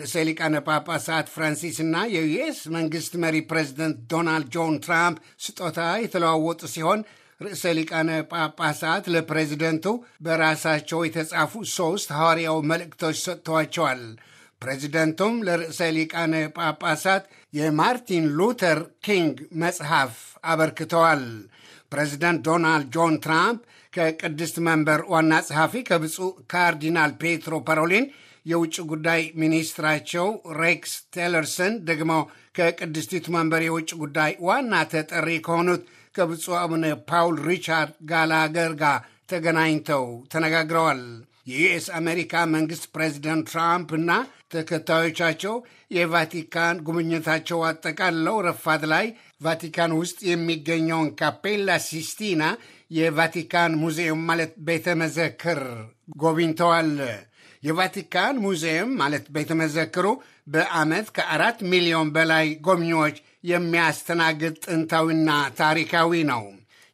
ርዕሰ ሊቃነ ጳጳሳት ፍራንሲስ እና የዩኤስ መንግስት መሪ ፕሬዚደንት ዶናልድ ጆን ትራምፕ ስጦታ የተለዋወጡ ሲሆን ርዕሰ ሊቃነ ጳጳሳት ለፕሬዚደንቱ በራሳቸው የተጻፉ ሶስት ሐዋርያው መልእክቶች ሰጥተዋቸዋል። ፕሬዚደንቱም ለርዕሰ ሊቃነ ጳጳሳት የማርቲን ሉተር ኪንግ መጽሐፍ አበርክተዋል። ፕሬዚደንት ዶናልድ ጆን ትራምፕ ከቅድስት መንበር ዋና ጸሐፊ ከብፁዕ ካርዲናል ፔትሮ ፓሮሊን የውጭ ጉዳይ ሚኒስትራቸው ሬክስ ቴለርሰን ደግሞ ከቅድስቲቱ መንበር የውጭ ጉዳይ ዋና ተጠሪ ከሆኑት ከብፁዕ አቡነ ፓውል ሪቻርድ ጋላገር ጋር ተገናኝተው ተነጋግረዋል። የዩኤስ አሜሪካ መንግስት ፕሬዚደንት ትራምፕ እና ተከታዮቻቸው የቫቲካን ጉብኝታቸው አጠቃለው ረፋት ላይ ቫቲካን ውስጥ የሚገኘውን ካፔላ ሲስቲና የቫቲካን ሙዚየም ማለት ቤተ መዘክር ጎብኝተዋል። የቫቲካን ሙዚየም ማለት ቤተመዘክሩ በዓመት ከአራት ሚሊዮን በላይ ጎብኚዎች የሚያስተናግድ ጥንታዊና ታሪካዊ ነው።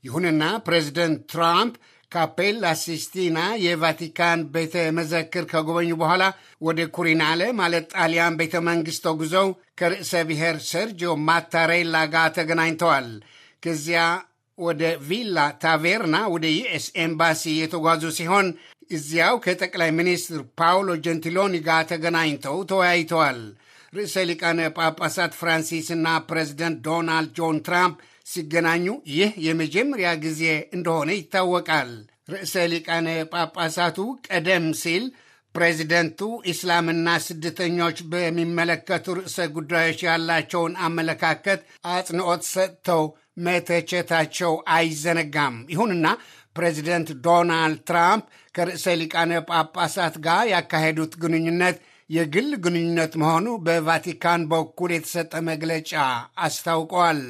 ይሁንና ፕሬዚደንት ትራምፕ ካፔላ ሲስቲና የቫቲካን ቤተ መዘክር ከጎበኙ በኋላ ወደ ኩሪናለ ማለት ጣሊያን ቤተ መንግሥት ተጉዘው ከርዕሰ ብሔር ሰርጂዮ ማታሬላ ጋር ተገናኝተዋል። ከዚያ ወደ ቪላ ታቬርና ወደ ዩኤስ ኤምባሲ የተጓዙ ሲሆን እዚያው ከጠቅላይ ሚኒስትር ፓውሎ ጀንቲሎኒ ጋር ተገናኝተው ተወያይተዋል። ርዕሰ ሊቃነ ጳጳሳት ፍራንሲስና ፕሬዚደንት ዶናልድ ጆን ትራምፕ ሲገናኙ ይህ የመጀመሪያ ጊዜ እንደሆነ ይታወቃል። ርዕሰ ሊቃነ ጳጳሳቱ ቀደም ሲል ፕሬዚደንቱ ኢስላምና ስደተኞች በሚመለከቱ ርዕሰ ጉዳዮች ያላቸውን አመለካከት አጽንኦት ሰጥተው መተቸታቸው አይዘነጋም። ይሁንና ፕሬዚደንት ዶናልድ ትራምፕ ከርዕሰ ሊቃነ ጳጳሳት ጋር ያካሄዱት ግንኙነት የግል ግንኙነት መሆኑ በቫቲካን በኩል የተሰጠ መግለጫ አስታውቀዋል።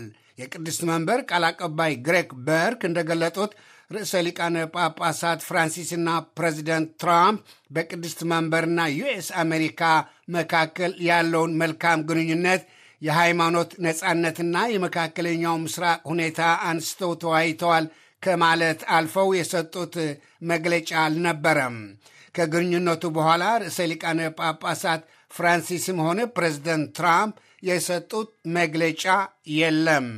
የቅድስት መንበር ቃል አቀባይ ግሬግ በርክ እንደገለጡት ርዕሰ ሊቃነ ጳጳሳት ፍራንሲስና ፕሬዚደንት ትራምፕ በቅድስት መንበርና ዩኤስ አሜሪካ መካከል ያለውን መልካም ግንኙነት የሃይማኖት ነፃነትና የመካከለኛው ምስራቅ ሁኔታ አንስተው ተወያይተዋል ከማለት አልፈው የሰጡት መግለጫ አልነበረም። ከግንኙነቱ በኋላ ርዕሰ ሊቃነ ጳጳሳት ፍራንሲስም ሆነ ፕሬዚደንት ትራምፕ የሰጡት መግለጫ የለም።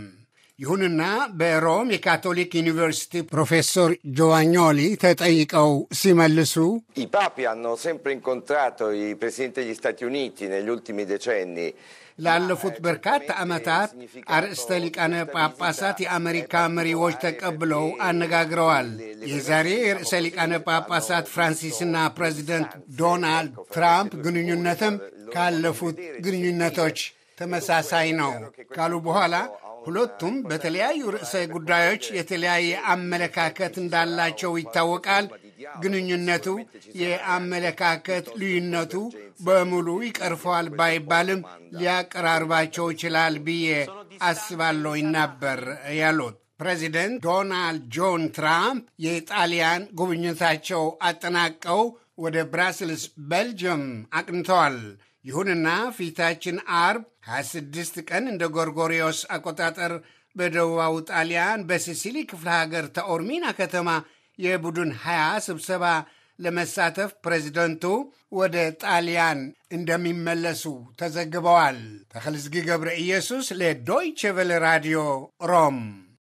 ይሁንና በሮም የካቶሊክ ዩኒቨርሲቲ ፕሮፌሰር ጆዋኞሊ ተጠይቀው ሲመልሱ i papi hanno sempre incontrato i ላለፉት eh, በርካታ ዓመታት አርእስተ ሊቃነ ጳጳሳት የአሜሪካ መሪዎች ተቀብለው አነጋግረዋል። የዛሬ የርእሰ ሊቃነ ጳጳሳት ፍራንሲስና ፕሬዚደንት ዶናልድ ትራምፕ ግንኙነትም ካለፉት ግንኙነቶች ተመሳሳይ ነው ካሉ በኋላ ሁለቱም በተለያዩ ርዕሰ ጉዳዮች የተለያየ አመለካከት እንዳላቸው ይታወቃል። ግንኙነቱ የአመለካከት ልዩነቱ በሙሉ ይቀርፈዋል ባይባልም ሊያቀራርባቸው ይችላል ብዬ አስባለሁኝ ነበር ያሉት ፕሬዚደንት ዶናልድ ጆን ትራምፕ የጣሊያን ጉብኝታቸው አጠናቀው ወደ ብራስልስ ቤልጅየም አቅንተዋል። ይሁንና ፊታችን አርብ 26 ቀን እንደ ጎርጎሪዮስ አቆጣጠር በደቡባዊ ጣሊያን በሲሲሊ ክፍለ ሀገር ተኦርሚና ከተማ የቡድን 20 ስብሰባ ለመሳተፍ ፕሬዚደንቱ ወደ ጣሊያን እንደሚመለሱ ተዘግበዋል። ተክልዝጊ ገብረ ኢየሱስ ለዶይቸ ቬለ ራዲዮ ሮም